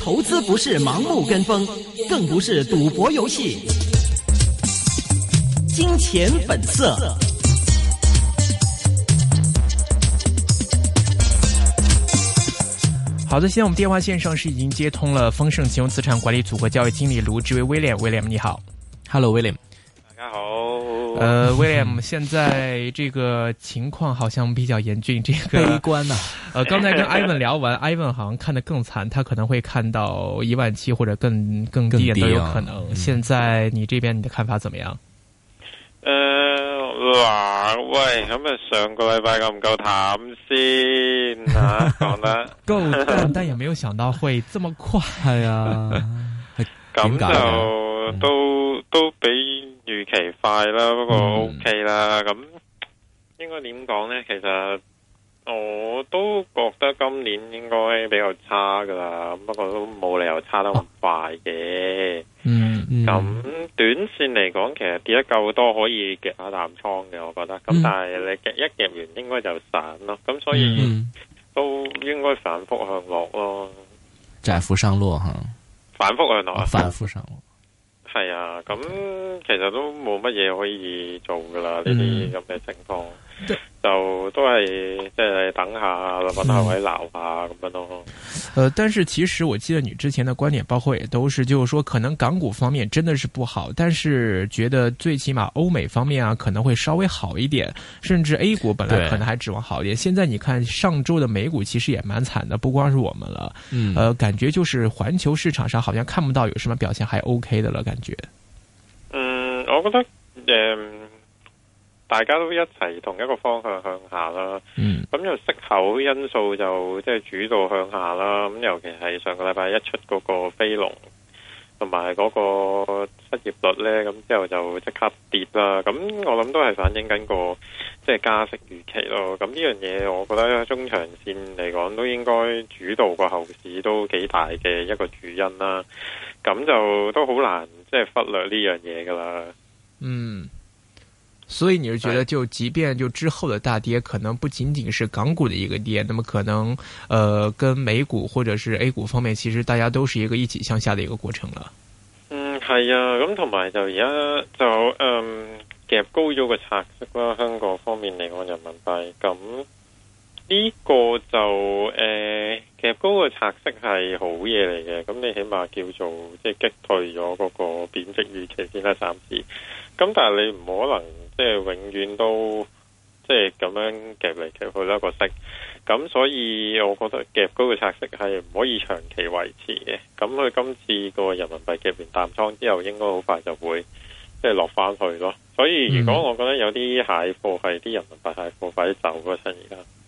投資不是盲目跟風，更不是賭博遊戲。金錢本色。粉色好的，現在我們電話線上是已經接通了豐盛金融資產管理組合交易經理盧志威威廉威廉，William, 你好，Hello William。呃，William，現在這個情況好像比較嚴峻，這個悲觀吶。呃，剛才跟 Ivan 聊完，Ivan 好像看得更慘，他可能會看到一萬七或者更更低都有可能。現在你這邊你的看法怎麼樣？呃，哇喂，咁啊，上個禮拜夠唔夠淡先啊？講得夠淡，但也沒有想到會這麼快啊。係啊，咁就都都比。預期快啦，不過 O K 啦。咁、嗯、應該點講呢？其實我都覺得今年應該比較差噶啦，不過都冇理由差得咁快嘅、啊。嗯，咁、嗯、短線嚟講，其實跌得夠多可以夾下淡倉嘅，我覺得。咁但係你夾、嗯、一夾完，應該就散咯。咁所以都應該反覆向落咯。嗯嗯、窄幅上落吓？反覆向落？反覆上落？啊係啊，咁其實都冇乜嘢可以做噶啦，呢啲咁嘅情況。嗯因為等下，搵下位鬧下咁樣咯。呃，但是其實我記得你之前的觀點，包括也都是，就是說可能港股方面真的是不好，但是覺得最起碼歐美方面啊可能會稍微好一點，甚至 A 股本來可能還指望好一點。對現在你看上周的美股其實也蠻慘的，不光是我們了，嗯。呃感覺就是環球市場上好像看不到有什麼表現還 OK 的了，感覺。 嗯，我覺得、呃大家都一齊同一個方向向下啦，咁、嗯、就息口因素就即係主導向下啦。咁尤其係上個禮拜一出嗰個非農，同埋嗰個失業率呢，咁之後就即刻跌啦。咁我諗都係反映緊個即係、就是、加息預期咯。咁呢樣嘢，我覺得中長線嚟講都應該主導個後市都幾大嘅一個主因啦。咁就都好難即係忽略呢樣嘢噶啦。嗯。所以你是覺得就即便就之後的大跌可能不僅僅是港股的一個跌，那麼可能，呃，跟美股或者是 A 股方面，其實大家都是一個一起向下的一個過程了。嗯，係啊，咁同埋就而家就，嗯，夾高咗個拆息啦，香港方面離岸人民幣，咁、嗯、呢、這個就，誒、呃，夾高個拆息係好嘢嚟嘅，咁、嗯、你起碼叫做即係擊退咗嗰個貶值預期先啦，暫、嗯、時。咁但係你唔可能。即係永遠都即係咁樣夾嚟夾去一個息，咁所以我覺得夾高嘅拆息係唔可以長期維持嘅。咁佢今次個人民幣夾完淡倉之後，應該好快就會即係落翻去咯。所以如果我覺得有啲蟹貨係啲人民幣蟹貨，快啲走嘅先而家。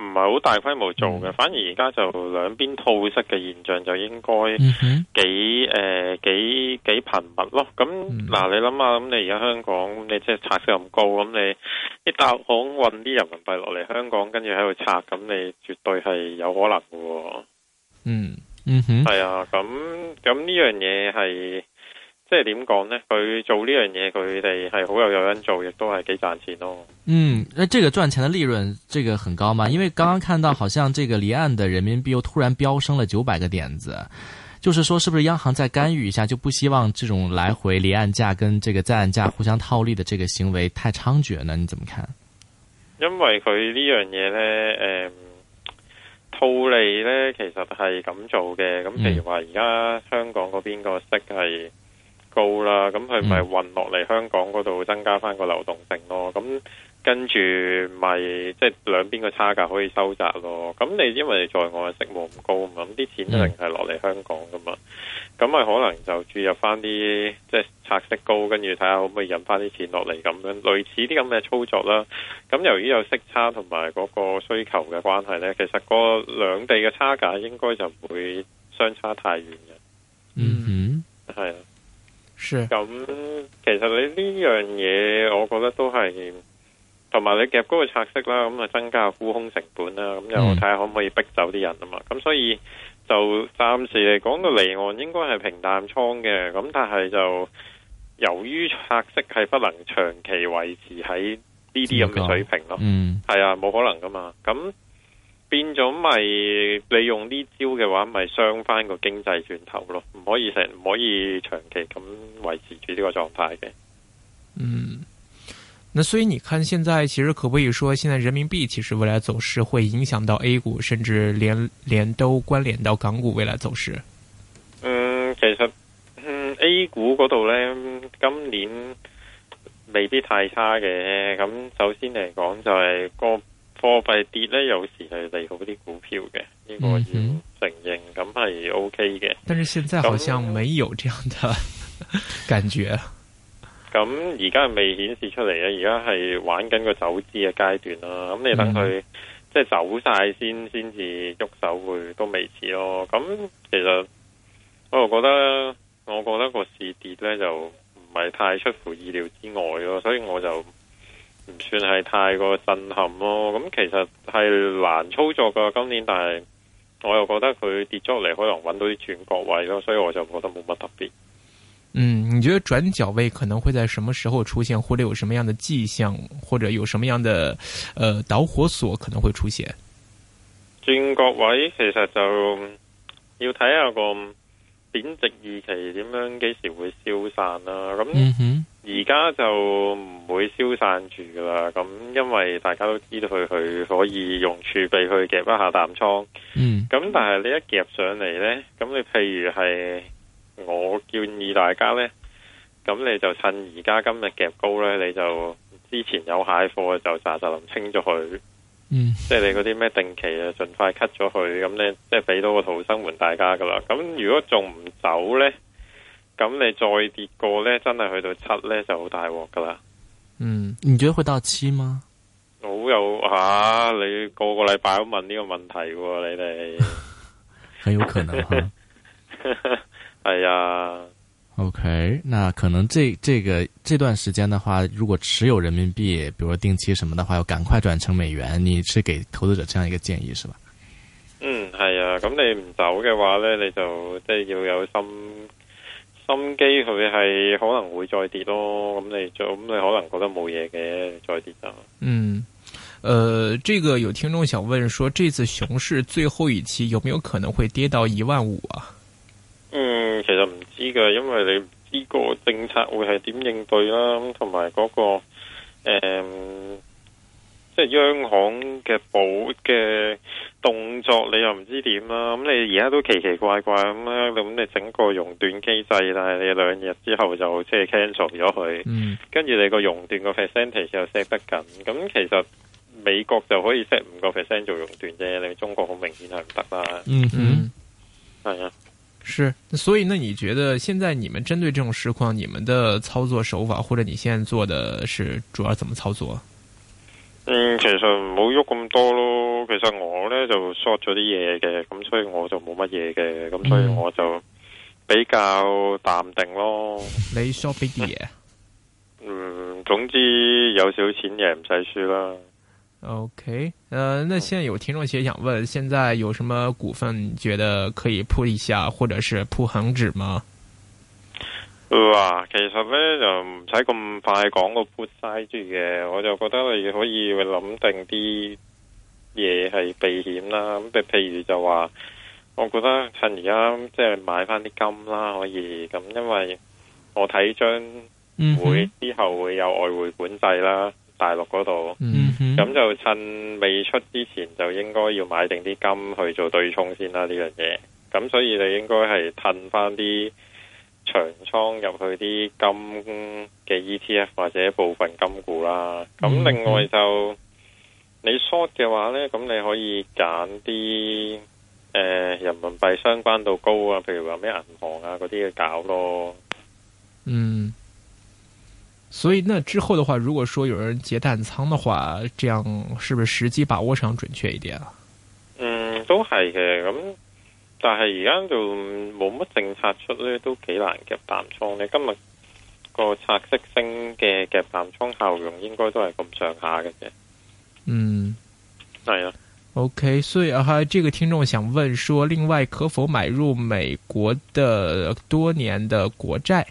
唔係好大規模做嘅，反而而家就兩邊套息嘅現象就應該幾誒、mm hmm. 呃、幾幾頻密咯。咁嗱、mm hmm.，你諗下，咁你而家香港，你即係拆息咁高，咁你啲搭行運啲人民幣落嚟香港，跟住喺度拆，咁你絕對係有可能喎。嗯嗯哼，係、hmm. 啊，咁咁呢樣嘢係。即係點講咧？佢做呢樣嘢，佢哋係好有有人做，亦都係幾賺錢咯、哦。嗯，那這個賺錢的利潤，這個很高嗎？因為剛剛看到，好像這個離岸的人民幣又突然飆升了九百個點子，就是說，是不是央行再干預一下，就不希望這種來回離岸價跟這個在岸價互相套利的這個行為太猖獗呢？你怎麼看？因為佢呢樣嘢咧，誒，套利咧，其實係咁做嘅。咁譬如話，而家香港嗰邊個息係。高啦，咁佢咪運落嚟香港嗰度增加翻個流動性咯。咁跟住咪即係兩邊個差價可以收窄咯。咁你因為在岸息冇咁高嘛，咁啲錢一定係落嚟香港噶嘛，咁咪可能就注入翻啲即係拆息高，跟住睇下可唔可以引翻啲錢落嚟咁樣類似啲咁嘅操作啦。咁由於有息差同埋嗰個需求嘅關係呢，其實個兩地嘅差價應該就唔會相差太遠嘅。嗯哼，係啊。咁其實你呢樣嘢，我覺得都係同埋你夾高嘅拆息啦，咁啊增加沽空成本啦，咁又睇下可唔可以逼走啲人啊嘛，咁所以就暫時嚟講個離岸應該係平淡倉嘅，咁但係就由於拆息係不能長期維持喺呢啲咁嘅水平咯，係啊，冇、嗯、可能噶嘛，咁。變咗咪利用呢招嘅話傷，咪傷翻個經濟轉頭咯，唔可以成，唔可以長期咁維持住呢個狀態嘅。嗯，那所以你看，現在其實可唔可以說，現在人民幣其實未來走勢會影響到 A 股，甚至連連都關聯到港股未來走勢？嗯、其實、嗯、A 股嗰度呢，今年未必太差嘅。咁首先嚟講就係個。貨幣跌咧，有時係利好啲股票嘅，呢、這個要承認，咁係 O K 嘅。但係現在好像沒有這樣的感覺。咁而家未顯示出嚟啊！而家係玩緊個走資嘅階段啦。咁你等佢、嗯、即係走晒先，先至喐手會都未遲咯。咁其實我又覺得，我覺得個市跌咧就唔係太出乎意料之外咯，所以我就。唔算係太過震撼咯，咁其實係難操作噶。今年，但係我又覺得佢跌咗落嚟，可能揾到啲轉角位咯，所以我就覺得冇乜特別。嗯，你覺得轉角位可能會在什麼時候出現，或者有什麼樣嘅跡象，或者有什麼樣嘅呃導火索可能會出現？轉角位其實就要睇下個貶值預期點樣，幾時會消散啦、啊。咁嗯哼。而家就唔會消散住噶啦，咁因為大家都知道佢佢可以用儲備去夾一下淡倉，嗯，咁但係你一夾上嚟呢，咁你譬如係我建議大家呢，咁你就趁而家今日夾高呢，你就之前有蟹貨就咋咋臨清咗佢，嗯，即係你嗰啲咩定期啊，盡快 cut 咗佢，咁呢，即係俾到個逃生門大家噶啦，咁如果仲唔走呢？咁你再跌過咧，真係去到七咧就好大鑊噶啦。嗯，你覺得會到七嗎？好有啊！你個個禮拜都問呢個問題，你哋 很有可能啊。係啊。OK，那可能這這個這段時間的話，如果持有人民幣，比如說定期什麼的話，要趕快轉成美元。你是給投資者這樣一個建議，是吧？嗯，係、哎、啊。咁你唔走嘅話咧，你就即係要有心。心機佢係可能會再跌咯，咁你就咁你可能覺得冇嘢嘅，再跌就。嗯，誒、呃，這個有聽眾想問說，這次熊市最後一期有沒有可能會跌到一萬五啊？嗯，其實唔知噶，因為你唔知個政策會係點應對啦，同埋嗰個誒。央行嘅保嘅動作你又唔知點啦、啊，咁你而家都奇奇怪怪咁樣，咁你整個熔斷機制，但係你兩日之後就即係 cancel 咗佢，跟住、嗯、你個熔斷個 percentage 又 set 得緊，咁其實美國就可以 set 五個 percent 做熔斷啫，你中國好明顯係唔得啦。嗯嗯，係啊，是，所以那你覺得現在你們針對這種實況，你們的操作手法或者你現在做的是主要怎麼操作？嗯，其實唔好喐咁多咯。其實我呢就 short 咗啲嘢嘅，咁所以我就冇乜嘢嘅，咁所以我就比較淡定咯。你 short 啲嘢？嗯，嗯，總之有少錢嘢唔使輸啦。OK，誒、呃，那現在有聽眾也想問，現在有什麼股份覺得可以鋪一下，或者是鋪恒指嗎？哇，其實咧就唔使咁快講個 put size 住嘅，我就覺得你可以諗定啲嘢，係避險啦。咁譬如就話，我覺得趁而家即係買翻啲金啦，可以咁，因為我睇將會之後會有外匯管制啦，大陸嗰度，咁、嗯、哼就趁未出之前就應該要買定啲金去做對沖先啦，呢樣嘢。咁、這個、所以你應該係褪翻啲。長倉入去啲金嘅 ETF 或者部分金股啦，咁另外就你 short 嘅話咧，咁你可以揀啲誒人民幣相關度高啊，譬如話咩銀行啊嗰啲去搞咯，嗯。所以，那之後的話，如果說有人結淡倉的話，這樣是不是時機把握上準確一點啊？嗯，都係嘅咁。但係而家就冇乜政策出咧，都幾難夾淡倉。你今日個拆息升嘅夾淡倉效用應該都係咁上下嘅啫。嗯，係啊。OK，所以啊，呢、這個聽眾想問說，另外可否買入美國的多年的國債？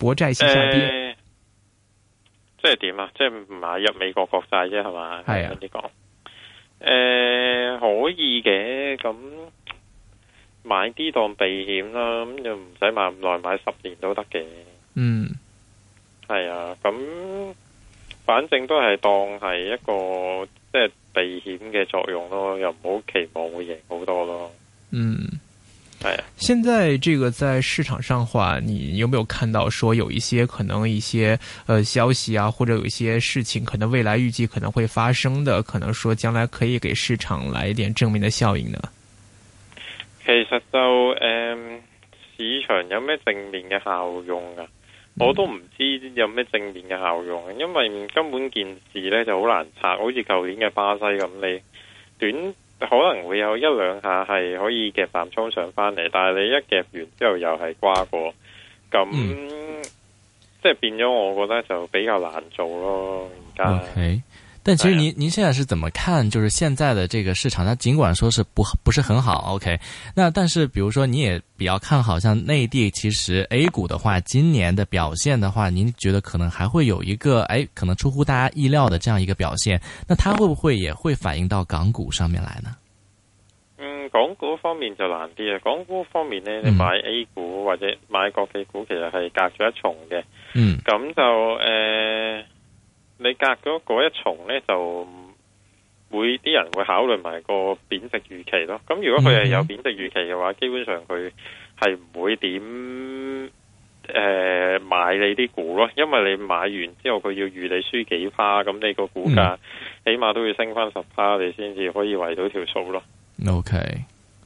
國債先生，誒、嗯，即係點啊？即係買入美國國債啫，係嘛？係啊、哎呀，誒、欸，可以嘅，咁買啲當避險啦，咁又唔使買咁耐，買十年都得嘅。嗯，係啊，咁反正都係當係一個即係、就是、避險嘅作用咯，又唔好期望會贏好多咯。嗯。哎，現在這個在市場上話，你有沒有看到說有一些可能一些，呃，消息啊，或者有一些事情，可能未來預計可能會發生的，可能說將來可以給市場來一點正面的效應呢？其實就誒、呃，市場有咩正面嘅效用啊？我都唔知有咩正面嘅效用，啊，因為根本件事呢就好難拆，好似舊年嘅巴西咁，你短。可能會有一兩下係可以夾淡倉上返嚟，但係你一夾完之後又係瓜過，咁、嗯、即係變咗，我覺得就比較難做咯。而家。Okay. 但其實您您現在是怎麼看？就是現在的這個市場，它儘管說是不不是很好，OK，那但是比如說你也比較看，好像內地其實 A 股的話，今年的表現的話，您覺得可能還會有一個哎，可能出乎大家意料的這樣一個表現，那它會不會也會反映到港股上面來呢？嗯，港股方面就難啲啊。港股方面呢，你買 A 股或者買國企股，其實係隔咗一重嘅。嗯，咁就呃你隔咗嗰一重呢，就會啲人會考慮埋個貶值預期咯。咁如果佢係有貶值預期嘅話，基本上佢係唔會點誒、呃、買你啲股咯。因為你買完之後，佢要預你輸幾趴，咁你個股價起碼都要升翻十趴，你先至可以圍到條數咯。OK。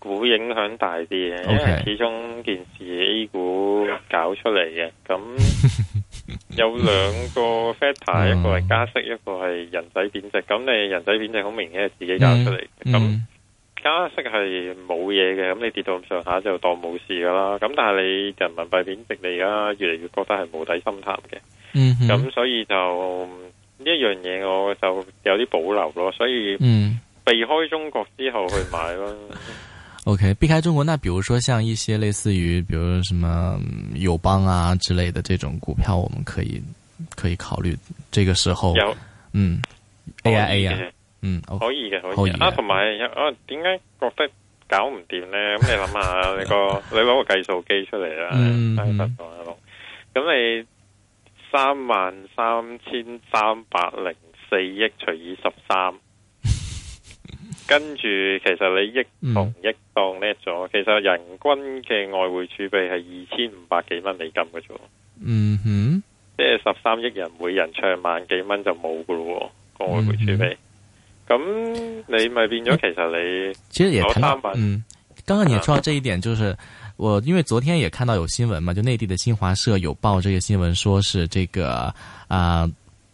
股影響大啲嘅，因為始終件事 A 股搞出嚟嘅，咁 Okay. 有兩個 factor，一個係加息，oh. 一個係人仔貶值。咁你人仔貶值好明顯係自己搞出嚟，咁、mm hmm. 加息係冇嘢嘅，咁你跌到咁上下就當冇事噶啦。咁但係你人民幣貶值，你而家越嚟越覺得係冇底深潭嘅。咁、mm hmm. 所以就呢一樣嘢我就有啲保留咯，所以避開中國之後去買咯。Mm hmm. OK，避開中國，那比如說像一些類似於，比如什麼友邦啊之類的這種股票，我們可以可以考慮這個時候。有，嗯，AIA 嗯，可以嘅，可以嘅。後啊，同埋有啊，點解覺得搞唔掂咧？咁你諗下， 你個你攞個計數機出嚟啦，阿阿龍。咁你三萬三千三百零四億除以十三。跟住，其實你億同億當叻咗。嗯、其實人均嘅外匯儲備係二千五百幾蚊美金嘅啫。嗯哼，即係十三億人，每人唱萬幾蚊就冇噶咯。個外匯儲備，咁、嗯、哼你咪變咗？其實你其實也看到，嗯，剛剛你也說到這一點，就是我因爲昨天也看到有新聞嘛，就內地的新華社有報這個新聞，說是這個啊。呃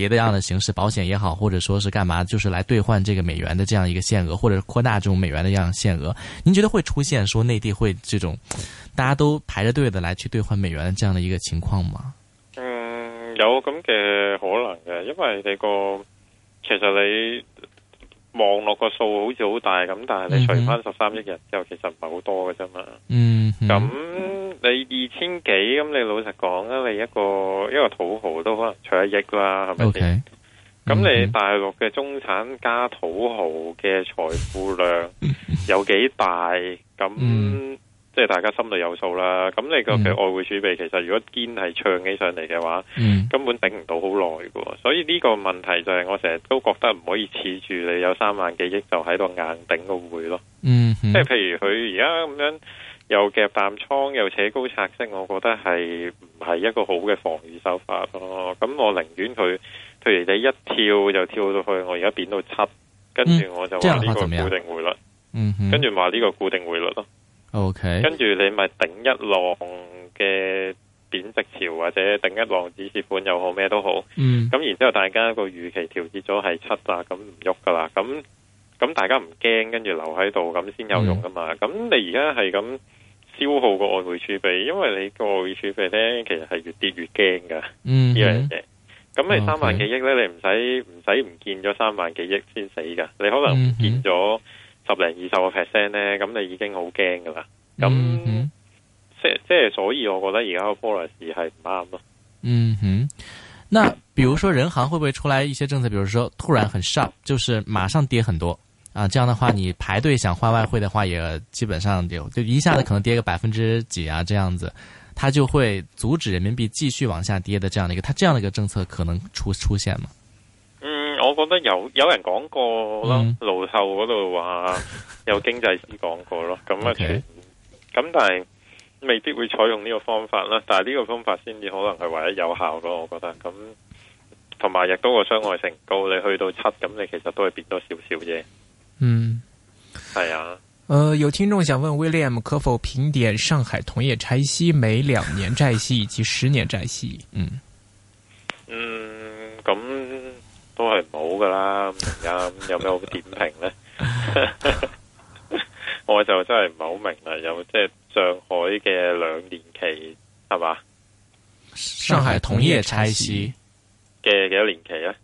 別的樣的形式，保險也好，或者說是幹嘛，就是來兌換這個美元的這樣一個限額，或者擴大這種美元的樣的限額。您覺得會出現說內地會這種大家都排着隊的來去兌換美元的這樣的一個情況嗎？嗯，有咁嘅可能嘅，因為你個其實你望落個數好似好大咁，但係你除返十三億人之後，其實唔係好多嘅啫嘛。嗯。咁、嗯、你二千幾咁？你老實講咧，你一個一個土豪都可能除一億啦，係咪？咁你大陸嘅中產加土豪嘅財富量有幾大？咁即係大家心裏有數啦。咁你個嘅外匯儲備、嗯、其實如果堅係唱起上嚟嘅話，嗯、根本頂唔到好耐喎。所以呢個問題就係我成日都覺得唔可以恃住你有三萬幾億就喺度硬頂個匯咯。即係、嗯嗯、譬如佢而家咁樣。又夾淡倉，又扯高拆息，我覺得係唔係一個好嘅防禦手法咯？咁、哦、我寧願佢，譬如你一跳就跳到去，我而家貶到七，跟住我就話呢個固定匯率，嗯嗯嗯、跟住話呢個固定匯率咯。O K，嗯嗯、跟住你咪頂一浪嘅貶值潮，或者頂一浪止蝕盤又好咩都好，嗯，咁然之後大家個預期調節咗係七啦，咁唔喐噶啦，咁咁大家唔驚，跟住留喺度咁先有用噶嘛？咁、嗯、你而家係咁。消耗個外匯儲備，因為你個外匯儲備咧，其實係越跌越驚噶，呢樣嘢。咁、hmm. 你三萬幾億咧，Okay. 你唔使唔使唔見咗三萬幾億先死噶，你可能唔見咗十零二十個 percent 咧，咁你已經好驚噶啦。咁即即係所以，我覺得而家個 policy 係唔啱咯。嗯哼、mm，hmm. 那比如說人行會唔會出來一些政策？比如說突然很 sharp，就是馬上跌很多。啊，這樣的話你排隊想換外匯的話，也基本上就就一下子可能跌個百分之幾啊，這樣子，它就會阻止人民幣繼續往下跌的這樣的一個，它這樣的一個政策可能出出現嘛？嗯，我覺得有有人講過咯，路透嗰度話有經濟師講過咯，咁 OK 咁但係未必會採用呢個方法啦，但係呢個方法先至可能係唯一有效咯，我覺得咁同埋亦都個傷害性高，你去到七咁，你其實都係變多少少嘅。嗯，係啊，誒、呃，有聽眾想問 William 可否評點上海同業拆息每兩年債息以及十年債息？嗯，嗯，咁都係冇㗎啦，而家有咩好點評呢？ 我就真係唔係好明啦，有即係、就是、上海嘅兩年期係嘛？是吧，上海同業拆息嘅幾多年期啊、呃？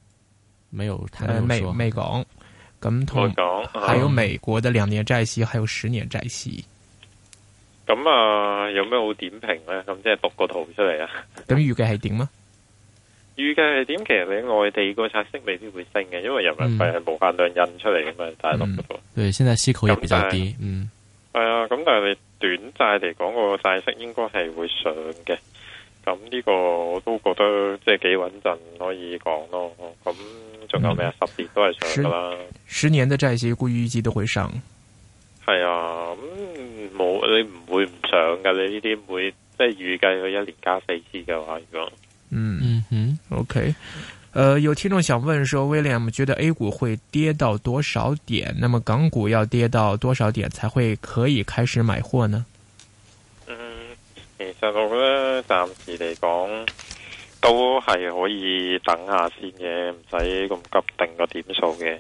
沒有，未未講。同講，跟說還有美國嘅兩年債息，嗯、還有十年債息。咁啊，有咩好點評咧？咁即係讀個圖出嚟啊。咁 預計係點啊？預計係點？其實你喺外地個債息未必會升嘅，因為人民幣係無限量印出嚟噶嘛，大陸、嗯嗯。對，現在息口也比較低。是嗯。係啊，咁但係你短債嚟講個債息應該係會上嘅。咁呢個我都覺得即係幾穩陣，可以講咯。咁仲有咩啊？十、嗯、年都係上噶啦。十、嗯、年的債息估計預計都會上。係啊，咁冇你唔會唔上噶，你呢啲會即係預計佢一年加四次嘅話，如果嗯嗯哼、嗯、，OK。誒、呃，有聽眾想問說，William 覺得 A 股會跌到多少點？那麼港股要跌到多少點才會可以開始買貨呢？其實我覺得暫時嚟講都係可以等下先嘅，唔使咁急定個點數嘅。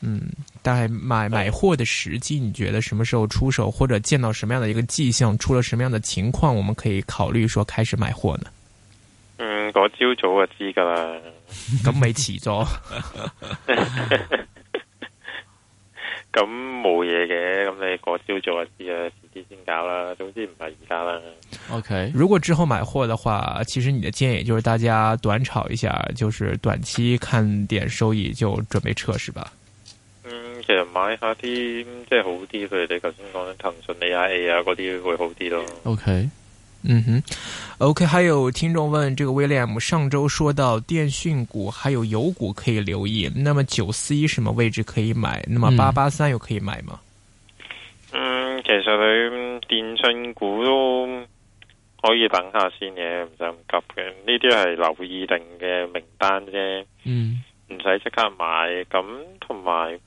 嗯，但係買買貨的時機，你覺得什麼時候出手，或者見到什麼樣的一個跡象，出了什麼樣的情況，我們可以考慮說開始買貨呢？嗯，我、那、朝、個、早就知噶啦，咁咪遲咗。 咁冇嘢嘅，咁、嗯、你過朝早一啲啊，遲啲先搞啦。總之唔係而家啦。OK，如果之後買貨嘅話，其實你嘅建議就係大家短炒一下，就是短期看點收益就準備撤是吧？嗯，其實買下啲即係好啲，譬如你頭先講騰訊 AIA 啊嗰啲會好啲咯。OK。嗯哼，OK。還有聽眾問，這個 William 上周說到電訊股還有油股可以留意，那麼九四一，什麼位置可以買？那麼八八三又可以買嗎？嗯，其實你電訊股都可以等下先嘅，唔使咁急嘅。呢啲係留意定嘅名單啫。嗯，唔使即刻買。咁同埋，誒、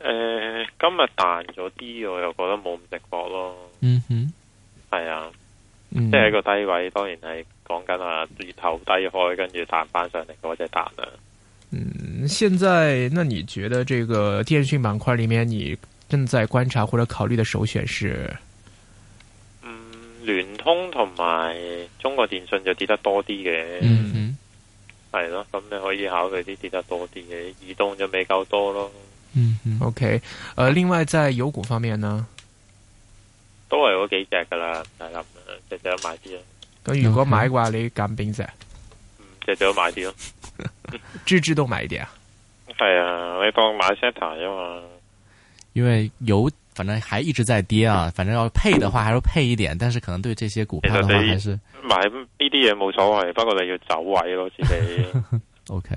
呃，今日彈咗啲，我又覺得冇咁直播咯。嗯哼，係啊。嗯、即係個低位，當然係講緊啊，越頭低開，跟住彈翻上嚟，嗰隻彈啦。嗯，現在，那你覺得這個電訊板塊裏面，你正在觀察或者考慮的首選是？嗯，聯通同埋中國電信就跌得多啲嘅。嗯嗯，係咯，咁你可以考慮啲跌得多啲嘅，移動就未夠多咯。嗯嗯，OK，誒、呃，另外在油股方面呢？都係嗰幾隻噶啦，係啦，隻隻都、嗯、買啲啊。咁如果買嘅話，你揀邊隻？隻隻都買啲咯，豬豬都買一點。係啊，你當買 set 啊嘛。因為油反正還一直在跌啊，反正要配的話，還要配一點。但是可能對這些股票的話，還是買呢啲嘢冇所謂。不過你要走位咯，自己。O K。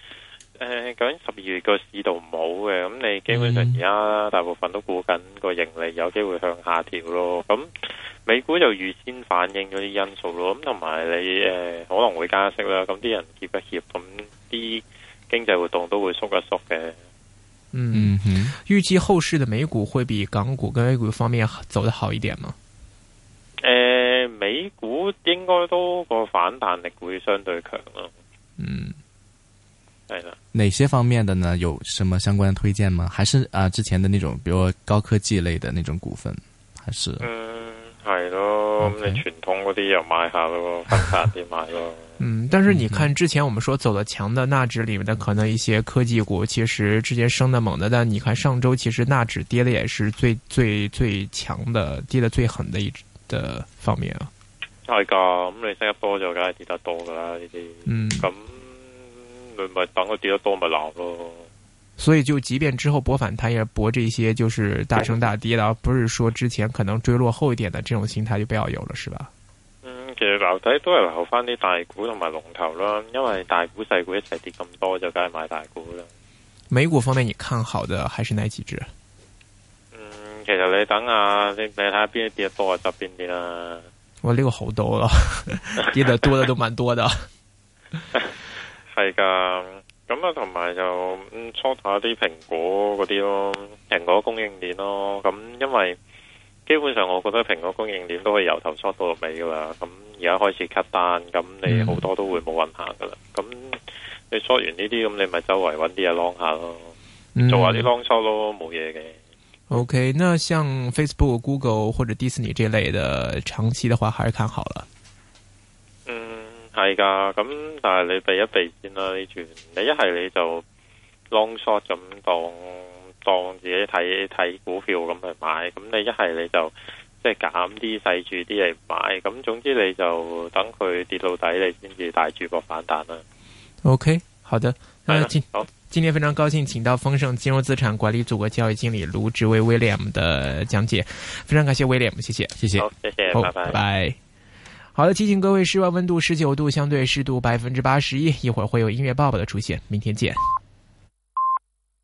誒，講十二月個市道唔好嘅，咁你基本上而家大部分都估緊個盈利有機會向下調咯。咁美股就預先反映咗啲因素咯，咁同埋你誒可能會加息啦，咁啲人結一結，咁啲經濟活動都會縮一縮嘅。嗯，預計後市嘅美股會比港股跟 A 股方面走得好一點嘛？誒，美股應該都個反彈力會相對強咯。哪些方面的呢？有什麼相關的推薦嗎？還是啊、呃、之前的那種，比如高科技類的那種股份，還是嗯係咯，咁你傳統嗰啲又買下咯，分散啲買咯。嗯，但是你看之前我們說走得強的納指裏面的可能一些科技股，其實之前升得猛的，但你看上周其實納指跌的也是最最最強的，跌得最狠的一的方面啊。係噶咁你升得多就梗係跌得多噶啦呢啲。嗯咁。嗯咪等佢跌得多咪咯，所以就即便之後搏反彈，也搏。這些就是大升大跌啦，而不是說之前可能追落後一點的這種心態就不要有了，是吧？嗯，其實是留底都係留翻啲大股同埋龍頭啦，因為大股細股一齊跌咁多就梗係買大股啦。美股方面，你看好的還是哪幾隻？嗯，其實你等下你你睇邊跌多執邊啲啦、啊。我溜、這個、好多咯， 跌得多的都蠻多的。 係噶，咁啊，同埋就 short、嗯、下啲蘋果嗰啲咯，蘋果供應鏈咯，咁因為基本上我覺得蘋果供應鏈都可以由頭 short 到落尾噶啦，咁而家開始 cut 單，咁你好多都會冇運行噶啦，咁、嗯嗯、你 short 完呢啲，咁你咪周圍揾啲嘢 long 下咯，嗯、做下啲 long short 咯，冇嘢嘅。O、okay, K，那像 Facebook、Google 或者 Disney 這類的長期的話，還是看好了。係噶，咁但係你避一避先啦呢段。你一係你就 long short 咁當當自己睇睇股票咁去買，咁你一係你就即係減啲細住啲嚟買，咁總之你就等佢跌到底你先至帶住個反彈啦。OK，好的。Yeah, 啊，今好今天非常高興請到豐盛金融資產管理組嘅教育經理盧志威 William 嘅講解，非常感謝 William，謝謝，謝謝，好，謝謝，拜拜。好的，提醒各位，室外溫度十九度，相對濕度百分之八十一。一會兒會有音樂爸爸的出現，明天見。